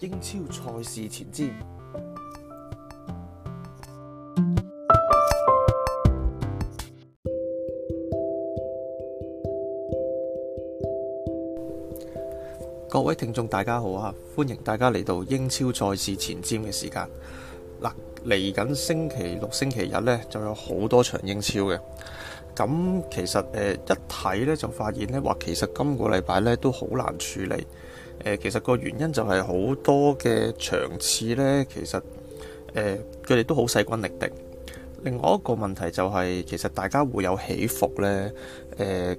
英超賽事前瞻，各位聽眾大家好啊！歡迎大家嚟到英超賽事前瞻嘅時間。嗱，嚟緊星期六、星期日呢就有好多場英超嘅。咁其實一睇咧，就發現呢，話其實今個禮拜呢都好難處理。其實個原因就係好多嘅場次呢，其實佢哋都好勢均力敵。另外一個問題就係其實大家會有起伏呢，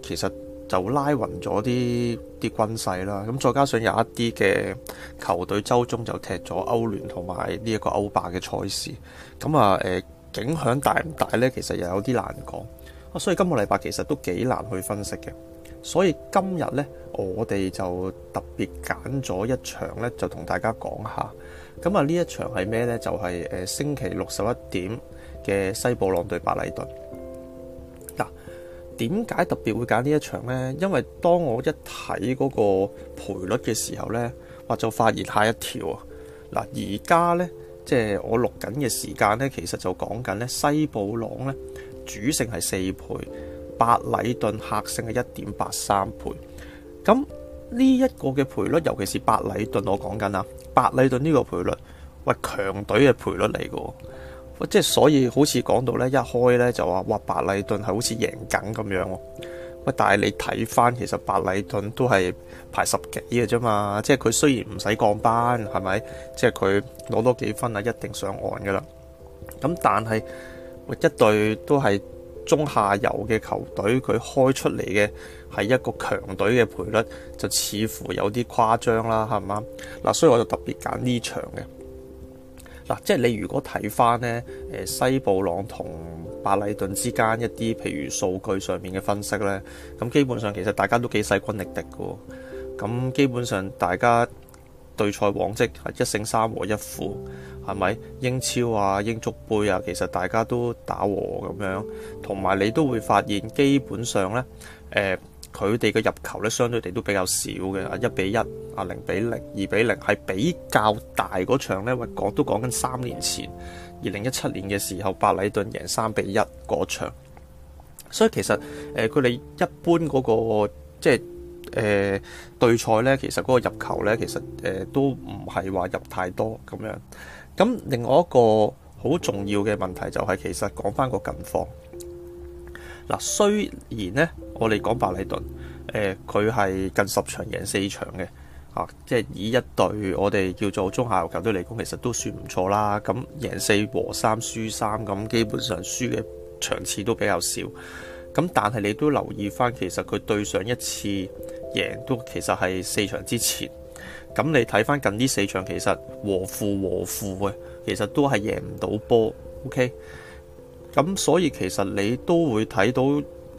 其實就拉勻咗啲啲軍勢啦。咁再加上有一啲嘅球隊周中就踢咗歐聯同埋呢一個歐霸嘅賽事，咁啊誒影響大唔大呢？其實又有啲難講。啊，所以今個禮拜其實都幾難去分析嘅，所以今日呢，我哋就特別揀咗一場呢就同大家講下。咁啊，呢一場係咩呢？就係、是、誒星期六十一點嘅西布朗對白禮頓。嗱，點解特別會揀呢一場呢？因為當我一睇嗰個賠率嘅時候呢，我就發現嚇一跳啊！嗱，而家呢，即、就、係、是、我錄緊嘅時間呢，其實就講緊呢西布朗呢。主勝係四倍，白禮頓客勝係一點八三倍。咁呢一個嘅賠率，尤其是白禮頓，我講緊啊，白禮頓呢個賠率，喂強隊嘅賠率嚟噶，即係所以好似講到呢，一開呢就話，哇白禮頓係好似贏緊咁樣。喂，但係你睇翻，其實白禮頓都係排十幾嘅啫嘛，即係佢雖然唔使降班，係咪？即係佢攞多幾分啊，一定上岸噶啦。咁但係。一隊都係中下游嘅球隊，佢開出嚟嘅係一個強隊嘅賠率，就似乎有啲誇張啦，係咪？嗱，所以我就特別揀呢場嘅。嗱，即係你如果睇翻呢，西布朗同白禮頓之間一啲譬如數據上面嘅分析呢，咁基本上其實大家都幾勢均力敵噶咁基本上大家。對賽往績係一勝三和一負，係咪英超啊、英足杯啊？其實大家都打和咁樣，同埋你都會發現，基本上呢，誒佢哋嘅入球呢，相對地都比較少嘅，一比一啊、零比零、二比零，係比較大嗰場咧。我講都講緊三年前二零一七年嘅時候，白禮頓贏三比一嗰場，所以其實誒佢哋一般嗰個即係。誒、呃、對賽呢，其實嗰個入球呢，其實、呃、都唔係話入太多咁樣。咁另外一個好重要嘅問題就係、是，其實講翻個近況。嗱，雖然呢，我哋講白禮頓，誒佢係近十場贏四場嘅，啊，即係以一隊我哋叫做中下游球隊嚟講，其實都算唔錯啦。咁贏四和三，輸三，咁基本上輸嘅場次都比較少。咁但係你都留意翻，其實佢對上一次。贏都其實係四場之前，咁你睇翻近呢四場其實和負和負嘅，其實都係贏唔到波。OK，咁所以其實你都會睇到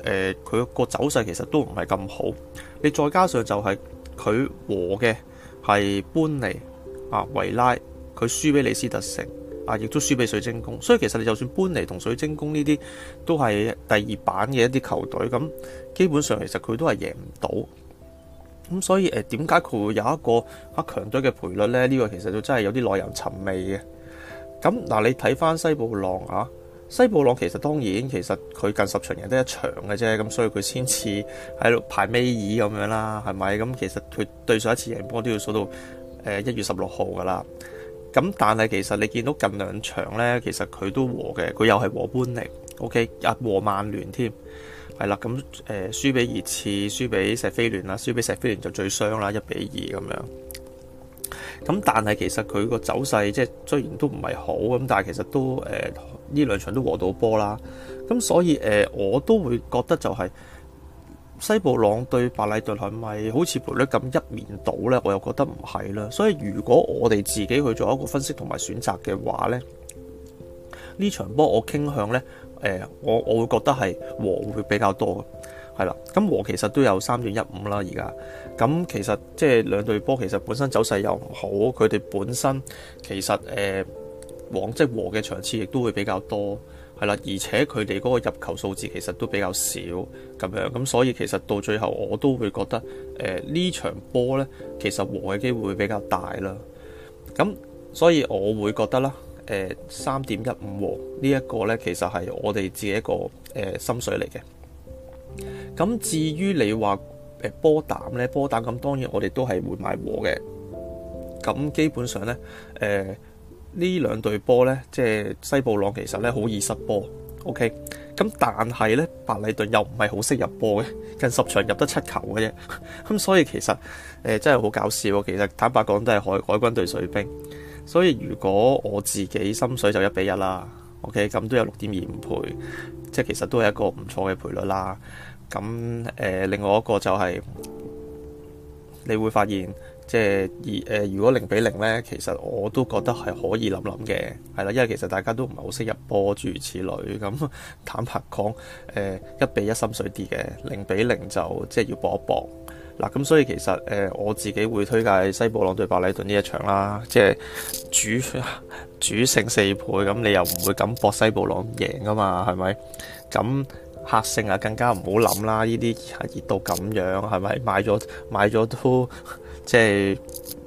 呃，佢個走勢其實都唔係咁好。你再加上就係佢和嘅係班尼啊維拉，佢輸俾李斯特城啊，亦都輸俾水晶宮。所以其實你就算班尼同水晶宮呢啲都係第二版嘅一啲球隊，咁基本上其實佢都係贏唔到。咁所以誒點解佢會有一個黑強隊嘅賠率呢？呢、呢個其實都真係有啲耐人尋味嘅。咁嗱，你睇翻西布朗啊，西布朗其實當然其實佢近十場贏得一場嘅啫，咁所以佢先至喺度排尾二咁樣啦，係咪？咁其實佢對上一次贏波都要數到誒一、呃、月十六號㗎喇。咁但係其實你見到近兩場呢，其實佢都和嘅，佢又係和般尼，OK，啊、和曼聯添。係啦，咁誒、呃、輸俾熱刺，輸俾石菲聯啦，輸俾石菲聯就最傷啦，一比二咁樣。咁但係其實佢個走勢即係雖然都唔係好咁，但係其實都呢、呃、兩場都和到波啦。咁所以、呃、我都會覺得就係、是、西布朗對白禮頓係咪好似賠率咁一面倒呢？我又覺得唔係啦。所以如果我哋自己去做一個分析同埋選擇嘅話呢，呢場波我傾向呢。誒、欸，我我會覺得係和會比較多嘅，係啦。咁和其實都有三點一五啦，而家。咁其實即係兩隊波其實本身走勢又唔好，佢哋本身其實誒、呃、和即、就是、和嘅場次亦都會比較多，係啦。而且佢哋嗰個入球數字其實都比較少咁樣，咁所以其實到最後我都會覺得誒、呃，呢場波呢，其實和嘅機會會比較大啦。咁所以我會覺得啦。誒，三點一五和呢一，這個呢其實係我哋自己一個誒、呃、心水嚟嘅。咁至於你話誒、呃、波膽呢，波膽咁當然我哋都係會買和嘅。咁基本上呢，誒呢兩隊波呢，即係西布朗其實呢好易失波，OK。咁但係呢，白禮頓又唔係好識入波嘅，近十場入得七球嘅啫。咁 所以其實誒、呃、真係好搞笑喎。其實坦白講都係海海軍對水兵。所以如果我自己心水就一比一啦，OK，咁都有六點二五倍，即係其實都係一個唔錯嘅賠率啦。咁、呃、另外一個就係、是，你會發現即係二誒，如果零比零呢，其實我都覺得係可以諗諗嘅，係啦，因為其實大家都唔係好識入波諸如此類。咁坦白講，誒、呃、一比一心水啲嘅，零比零就即係要搏一搏。嗱，咁所以其實誒、呃，我自己會推介西布朗對白禮頓呢一場啦，即係主主勝四倍，咁你又唔會咁搏西布朗贏噶嘛，係咪？咁客勝啊，更加唔好諗啦，呢啲熱到咁樣，係咪買咗買咗都？即係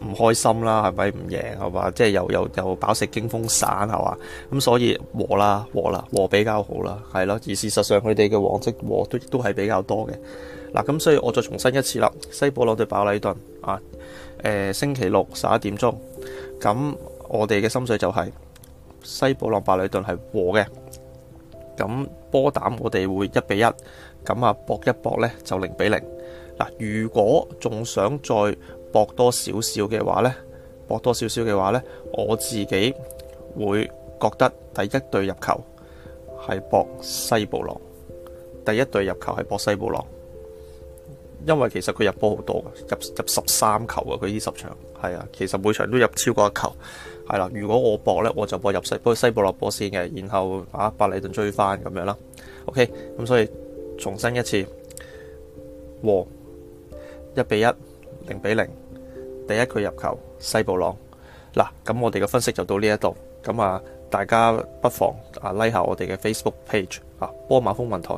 唔開心啦，係咪唔贏係嘛？即係又又又飽食驚風散係嘛？咁所以和啦，和啦，和比較好啦，係咯。而事實上佢哋嘅往績和都都係比較多嘅。嗱，咁所以我再重申一次啦，西布朗對白禮頓啊，誒、呃、星期六十一點鐘。咁我哋嘅心水就係西布朗白禮頓係和嘅。咁波膽我哋會一比一。咁啊搏一搏呢，就零比零。嗱，如果仲想再搏多少少嘅話呢？搏多少少嘅話呢？我自己會覺得第一隊入球係搏西布朗，第一隊入球係搏西布朗，因為其實佢入波好多嘅，入入十三球啊！佢呢十場係啊，其實每場都入超過一球。係啦，如果我搏呢，我就搏入西西布朗波先嘅，然後啊，白禮頓追翻咁樣啦。OK，咁所以重申一次，和一比一，零比零。1 :1, 0 :0, 第一個入球，西布朗。嗱，咁我哋嘅分析就到呢一度。咁啊，大家不妨啊、like、拉下我哋嘅 Facebook page 啊，波馬風雲台，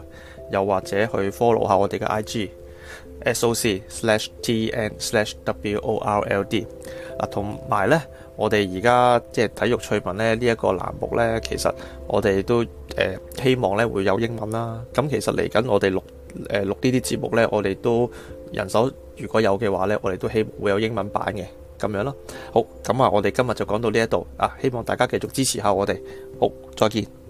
又或者去 follow 下我哋嘅 IG soc slash tn slash world。同埋呢，我哋而家即係體育趣聞呢一、這個欄目呢，其實我哋都、呃、希望呢會有英文啦。咁其實嚟緊我哋錄呃錄呢啲節目呢，我哋都。人手如果有嘅話咧，我哋都希望會有英文版嘅咁樣咯。好，咁啊，我哋今日就講到呢一度啊，希望大家繼續支持下我哋。好，再見。